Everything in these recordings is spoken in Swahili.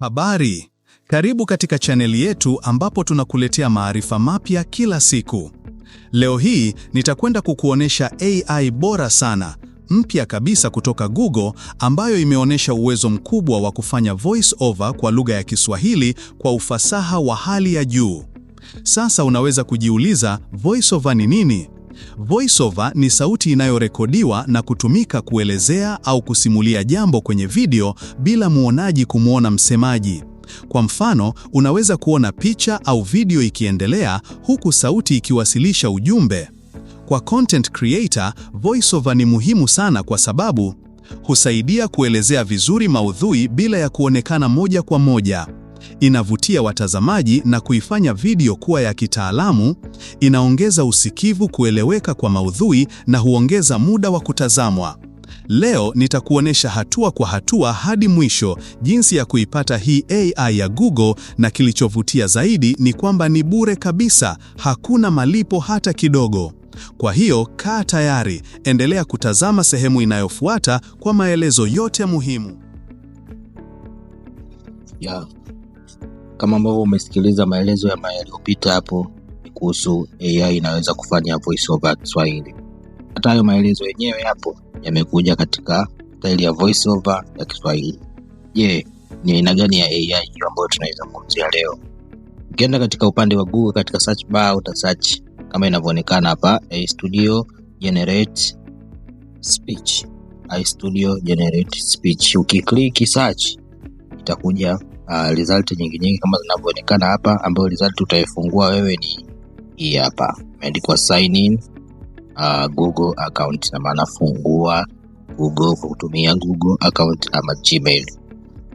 Habari, karibu katika chaneli yetu ambapo tunakuletea maarifa mapya kila siku. Leo hii nitakwenda kukuonesha AI bora sana, mpya kabisa kutoka Google ambayo imeonyesha uwezo mkubwa wa kufanya voice over kwa lugha ya Kiswahili kwa ufasaha wa hali ya juu. Sasa unaweza kujiuliza voice over ni nini? Voiceover ni sauti inayorekodiwa na kutumika kuelezea au kusimulia jambo kwenye video bila muonaji kumwona msemaji. Kwa mfano, unaweza kuona picha au video ikiendelea huku sauti ikiwasilisha ujumbe. Kwa content creator, voiceover ni muhimu sana kwa sababu husaidia kuelezea vizuri maudhui bila ya kuonekana moja kwa moja inavutia watazamaji na kuifanya video kuwa ya kitaalamu, inaongeza usikivu, kueleweka kwa maudhui na huongeza muda wa kutazamwa. Leo nitakuonesha hatua kwa hatua hadi mwisho jinsi ya kuipata hii AI ya Google, na kilichovutia zaidi ni kwamba ni bure kabisa, hakuna malipo hata kidogo. Kwa hiyo kaa tayari, endelea kutazama sehemu inayofuata kwa maelezo yote muhimu. Yeah. Kama ambavyo umesikiliza maelezo ya yaliyopita hapo kuhusu AI inaweza kufanya voice over Kiswahili. Hata hayo maelezo yenyewe hapo yamekuja katika staili ya voice over ya Kiswahili. Je, ni aina gani ya AI hiyo ambayo tunaizungumzia leo? Ukienda katika upande wa Google katika search bar uta search kama inavyoonekana hapa, AI Studio generate speech. AI Studio generate speech. Ukiklik search itakuja uh, result nyingi nyingi kama zinavyoonekana hapa, ambayo result utaifungua wewe ni hii hapa, imeandikwa sign in uh, Google account, na maana fungua Google kwa kutumia Google account ama Gmail.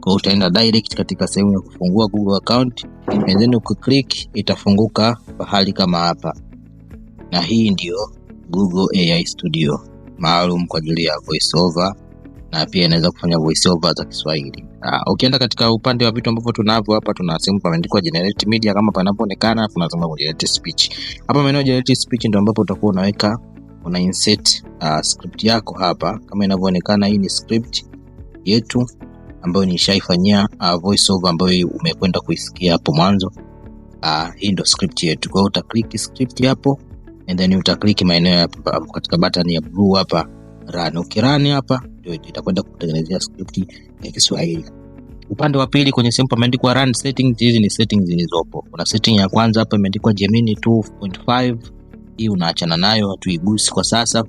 Kwa utaenda direct katika sehemu ya kufungua Google account and then ukiclick itafunguka pahali kama hapa, na hii ndio Google AI Studio maalum kwa ajili ya voice over, na pia inaweza kufanya voice over za Kiswahili. Uh, ukienda katika upande wa vitu ambavyo tunavyo hapa, tuna sehemu pameandikwa generate media kama panapoonekana, tunazungumza kwa generate speech. Hapa maeneo generate speech ndio ambapo utakuwa unaweka una insert uh, script yako hapa kama inavyoonekana. Hii ni script yetu ambayo nishaifanyia uh, ah, voice over ambayo umekwenda kuisikia hapo mwanzo. Uh, hii ndio script yetu. Kwa hiyo uta click script hapo and then uta click maeneo katika button ya blue hapa run. Ukirani hapa itakwenda kutengenezea script ya Kiswahili. Upande wa pili kwenye sehemu pameandikwa run settings, hizi ni settings zilizopo. Kuna setting ya kwanza hapa imeandikwa Gemini 2.5, hii unaachana nayo, hatuigusi kwa sasa.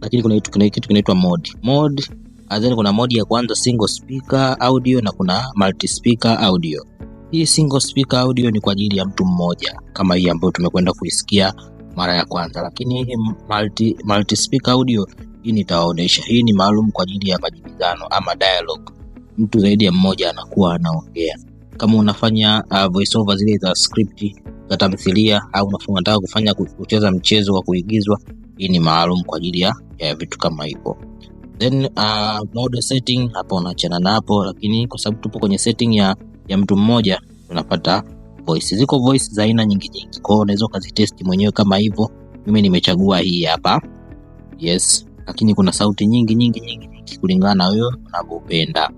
Lakini kuna kitu kinaitwa mode. Mode azeni kuna mode ya kwanza single speaker audio na kuna multi speaker audio. Hii single speaker audio ni kwa ajili ya mtu mmoja kama hii ambayo tumekwenda kuisikia mara ya kwanza, lakini hii multi, multi speaker audio hii nitawaonesha. Hii ni maalum kwa ajili ya majibizano ama dialogue, mtu zaidi ya mmoja anakuwa anaongea. Kama unafanya uh, voice over zile za script za tamthilia au unataka kufanya kucheza mchezo wa kuigizwa, hii ni maalum kwa ajili ya, ya vitu kama hivyo. Then uh, mode setting hapo unaachana na hapo, lakini kwa sababu tupo kwenye setting ya, ya mtu mmoja unapata voice. Ziko voice za aina nyingi nyingi, kwao hiyo unaweza ukazitesti mwenyewe kama hivyo. Mimi nimechagua hii hapa, yes lakini kuna sauti nyingi nyingi nyingi, nyingi kulingana na wewe unavyopenda.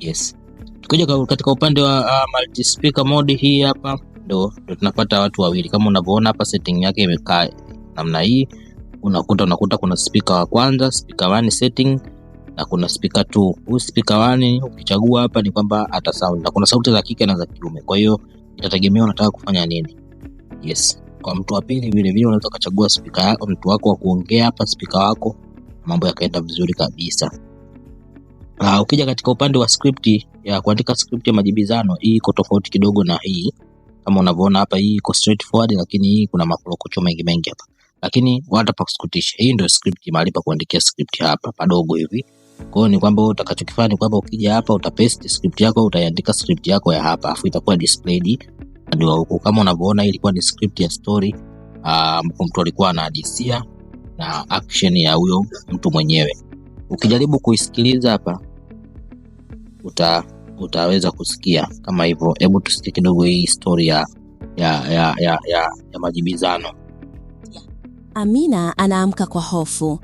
Yes. Tukija katika upande wa uh, ah, multi speaker mode hii hapa ndo ndo tunapata watu wawili kama unavyoona hapa, setting yake imekaa namna hii. Unakuta unakuta kuna speaker wa kwanza, speaker one setting na kuna speaker two. Huyu speaker one ukichagua hapa ni kwamba ata sound na kuna sauti za kike na za kiume, kwa hiyo itategemea unataka kufanya nini. Yes. Kwa mtu wa pili vile vile unaweza kuchagua speaker mtu wako wa kuongea hapa, speaker wako mambo yakaenda vizuri kabisa. Uh, ukija katika upande wa script ya kuandika script ya majibizano, hii iko tofauti kidogo na hii kama unavyoona hapa, hii iko straightforward, lakini hii kuna makorokocho mengi mengi hapa, lakini hata pa kusikutisha, hii ndio script, mahali pa kuandikia script hapa padogo hivi. Kwa hiyo ni kwamba utakachokifanya ni kwamba ukija hapa utapaste script yako, utaiandika script yako ya hapa, afu itakuwa displayed ndio huko. Kama unavyoona, ilikuwa ni script ya story ah, ambapo mtu alikuwa anahadisia na action ya huyo mtu mwenyewe. Ukijaribu kuisikiliza hapa uta, utaweza kusikia kama hivyo. Hebu tusikie kidogo hii story ya, ya, ya, ya, ya, ya majibizano. Amina anaamka kwa hofu,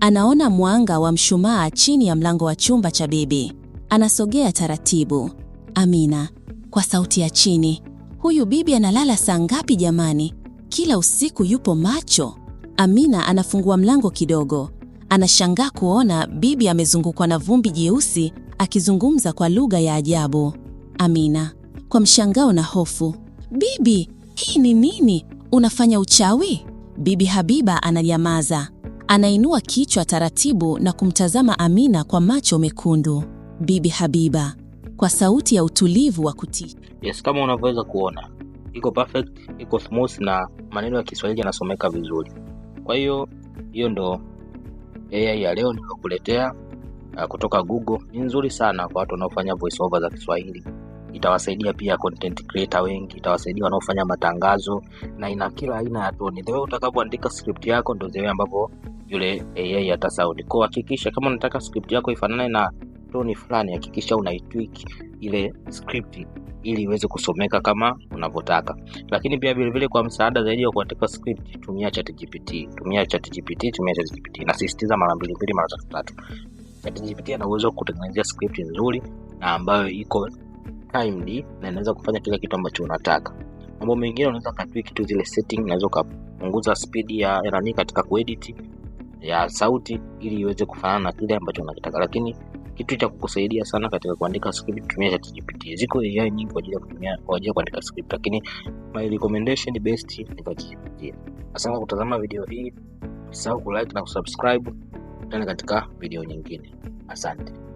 anaona mwanga wa mshumaa chini ya mlango wa chumba cha bibi. Anasogea taratibu. Amina kwa sauti ya chini, huyu bibi analala saa ngapi jamani? Kila usiku yupo macho. Amina anafungua mlango kidogo. Anashangaa kuona bibi amezungukwa na vumbi jeusi akizungumza kwa lugha ya ajabu. Amina kwa mshangao na hofu, bibi, hii ni nini? Unafanya uchawi? Bibi Habiba ananyamaza, anainua kichwa taratibu na kumtazama Amina kwa macho mekundu. Bibi Habiba kwa sauti ya utulivu wa kutisha, yes, kama unavyoweza kuona iko perfect, iko smooth na maneno ya Kiswahili yanasomeka vizuri. Kwa hiyo hiyo ndo AI ya leo niliyokuletea kutoka Google. Ni nzuri sana kwa watu wanaofanya voiceover za Kiswahili itawasaidia pia content creator wengi, itawasaidia wanaofanya matangazo na ina kila aina ya toni. hewe utakapoandika script yako ndio zewe ambapo yule AI atasaudi sound. Kwa hakikisha kama unataka script yako ifanane na toni fulani, hakikisha unaitwiki ile script ili iweze kusomeka kama unavyotaka. Lakini pia vilevile kwa msaada zaidi wa kuandika script, tumia ChatGPT, tumia ChatGPT, tumia ChatGPT. Nasisitiza mara mbili mbili, mara tatu tatu. ChatGPT ana uwezo wa kutengenezea script nzuri na ambayo iko timely na inaweza kufanya kila kitu ambacho unataka. Mambo mengine unaweza katwiki tu zile setting, unaweza kupunguza speed ya nani katika kuedit ya sauti ili iweze kufanana na kile ambacho unakitaka, lakini kitu cha kukusaidia sana katika kuandika script, tumia gpt Ziko AI nyingi kwa ajili ya kutumia kwa ajili ya kuandika script, lakini my recommendation best ni gpt Asante kutazama video hii, usisahau kulike na kusubscribe. tena katika video nyingine. Asante.